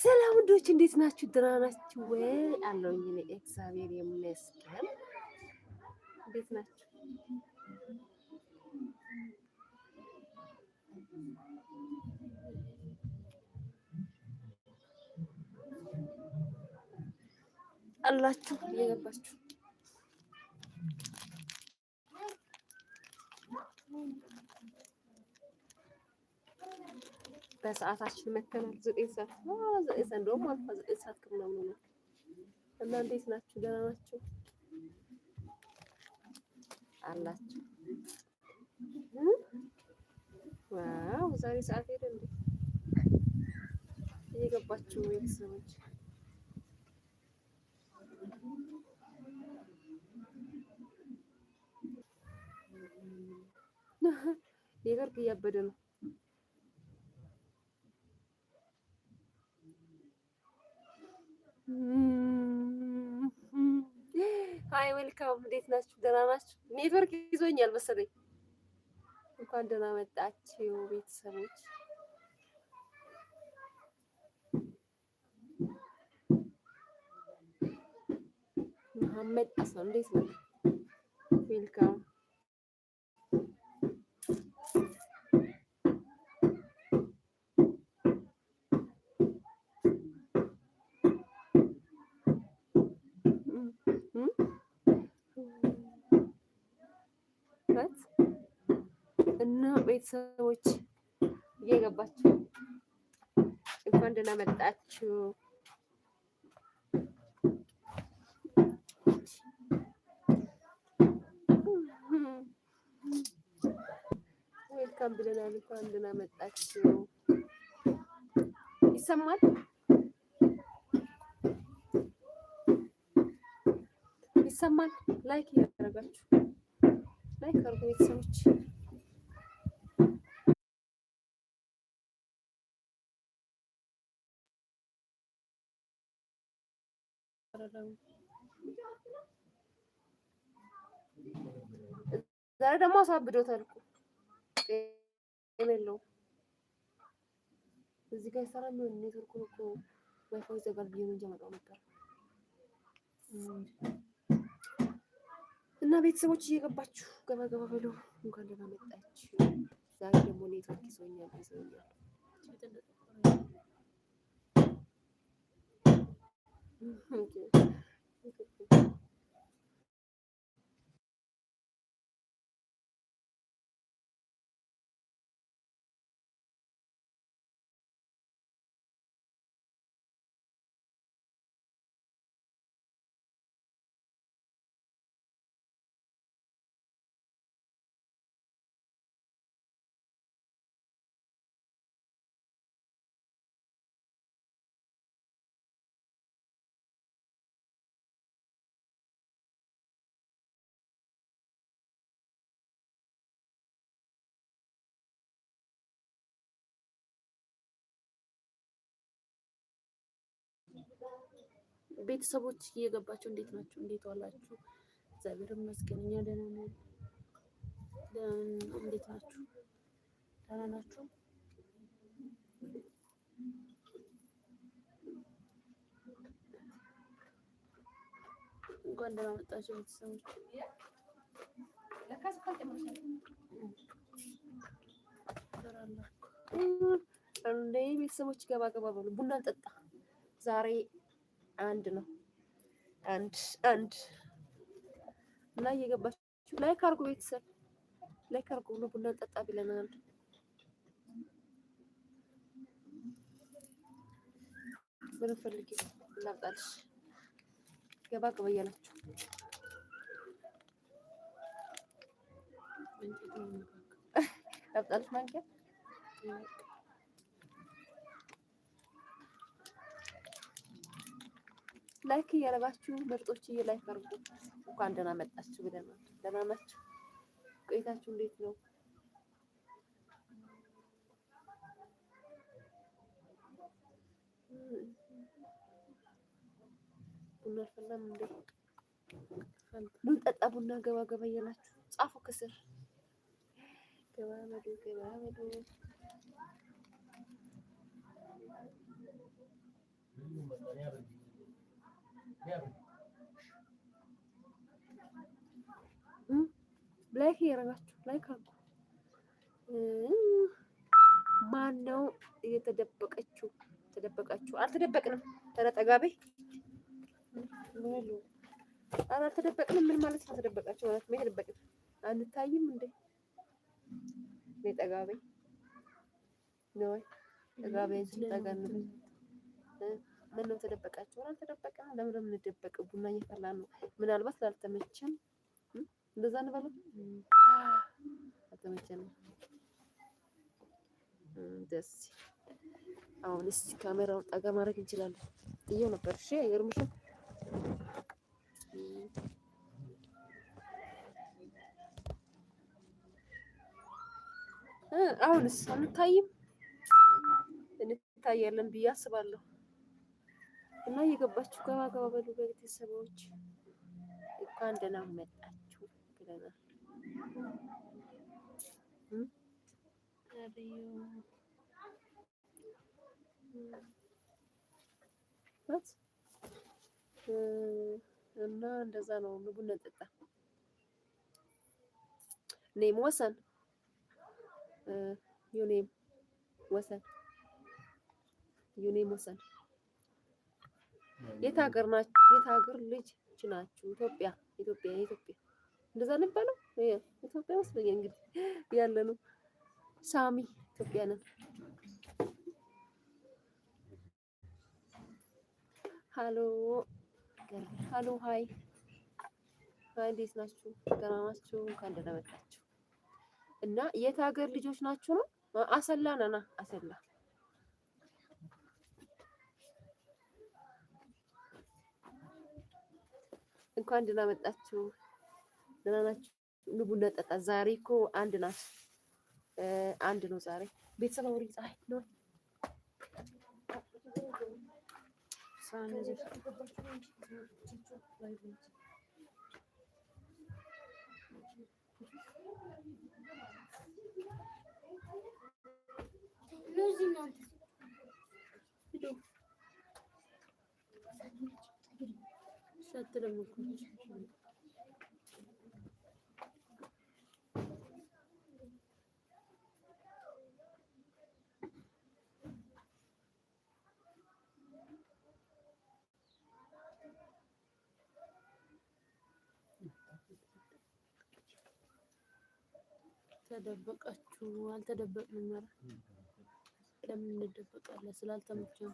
ሰላም ውዶች እንዴት ናችሁ? ደህና ናችሁ ወይ? አለሁኝ እኔ እግዚአብሔር ይመስገን። እንዴት ናችሁ? አላችሁ እየገባችሁ በሰዓታችን መተናል። ዘጠኝ ሰዓት ዋ ዘጠኝ ሰዓት እንደውም አልፋ ዘጠኝ ሰዓት ከምናምን ነው እና እንዴት ናችሁ? ደህና ናችሁ አላችሁ? ዋው ዛሬ ሰዓት ሄደ እንዴ! እየገባችሁ ቤተሰቦች የገርግ እያበደ ነው እንዴት ናችሁ? ደህና ናችሁ? ኔትወርክ ይዞኛል መሰለኝ። እንኳን ደህና መጣችሁ ቤተሰቦች። መሐመድ አስላም እንዴት ነው? ዌልካም ያለበት እና ቤተሰቦች እየገባችሁ እንኳን ደህና መጣችሁ። ዌልካም ብለናል። እንኳን ደህና መጣችሁ። ይሰማል ይሰማል። ላይክ እያደረጋችሁ ላይክ አድርጉ ቤተሰቦች። ዛሬ ደግሞ አሳብዶታል እኮ እዚህ ጋር ይሰራል ነው ኔትወርኩን እኮ ዋይፋይ ዘጋል ብዬ ነው እንጂ አመጣው ነበር። እና ቤተሰቦች እየገባችሁ ገባ ገባ በሉ። እንኳን ደህና መጣችሁ። ዛሬ ደግሞ ኔትወርክ ይዞኛል ይዞኛል። ቤተሰቦች እየገባቸው እንዴት ናቸው? እንዴት ዋላችሁ? እግዚአብሔር ይመስገን እኛ ደህና ነን። እንዴት ናችሁ? ደህና ናችሁ? እንኳን ደህና መጣችሁ ቤተሰቦች። ቤተሰቦች ገባ ገባ በሉ ቡና ጠጣ ዛሬ አንድ ነው። አንድ አንድ እና እየገባችሁ ላይክ አድርጉ፣ ቤተሰብ ላይክ አድርጉ። ብሎ ቡና ጠጣ ብለናል። ምን ፈልጊ ላምጣልሽ? ገባ ገባ እያላችሁ ላምጣልሽ ማንኪያ ላይክ እያረጋችሁ ምርጦች ላይክ አድርጉ። እንኳን ደህና መጣችሁ ብለናል። ደህና ናችሁ? ቆይታችሁ እንዴት ነው? ቡና ፈላም እንዴ? ምን ጠጣ? ቡና ገባ ገባ እያላችሁ ጻፉ ከስር ገባ በሉ ገባ በሉ ላይክ እያደረጋችሁ ላይክ አድርጉ። ማን ነው እየተደበቀችው? ተደበቃችሁ? አልተደበቅንም። ኧረ ጠጋ በይ። ኧረ አልተደበቅንም። ምን ማለት ነው ተደበቃችሁ ማለት? ምን ተደበቅን? አንታይም እንዴ? ነይ ጠጋ በይ። ነይ ጠጋ በይ። ጠጋ ምንም ተደበቃችሁ አልተደበቅንም። ለምን እንደደበቀ ቡና እየፈላ ነው። ምናልባት ላልተመቸን እንደዛ እንበሉ። አልተመቸንም። ደስ አሁን እስቲ ካሜራውን ጠጋ ማድረግ እንችላለን። እየው ነበር። እሺ አይገርምሽም? አሁንስ አንታይም? እንታያለን ብዬ አስባለሁ። እና እየገባችሁ ከማገባበሉ ቤተሰቦች እንኳን ደህና መጣችሁ ብለናል። እና እንደዛ ነው። ምግብ እንጠጣ ኔም ወሰን ዩኔም ወሰን ዩኔም ወሰን የት ሀገር ናችሁ? የት ሀገር ልጅ ናችሁ? ኢትዮጵያ ኢትዮጵያ ኢትዮጵያ እንደዛ የሚባለው ኢትዮጵያ ውስጥ ነው እንግዲህ ያለ ነው። ሳሚ ኢትዮጵያ ነው። ሀሎ ሀሎ፣ ሀይ ሀይ፣ እንዴት ናችሁ? ደህና ናችሁ? እንኳን ደህና መጣችሁ። እና የት ሀገር ልጆች ናችሁ ነው። አሰላ ነና አሰላ እንኳን ደህና መጣችሁ። ደህና ናችሁ? ኑ ቡና ጠጣ። ዛሬ እኮ አንድ ናት፣ አንድ ነው ዛሬ ቤተሰብ አውሪ። ፀሐይ ነው ሉዚ አትልም እኮ ተደበቃችሁ? አልተደበቅንም። ኧረ ለምን እንደበቃለን? ስላልተመቸን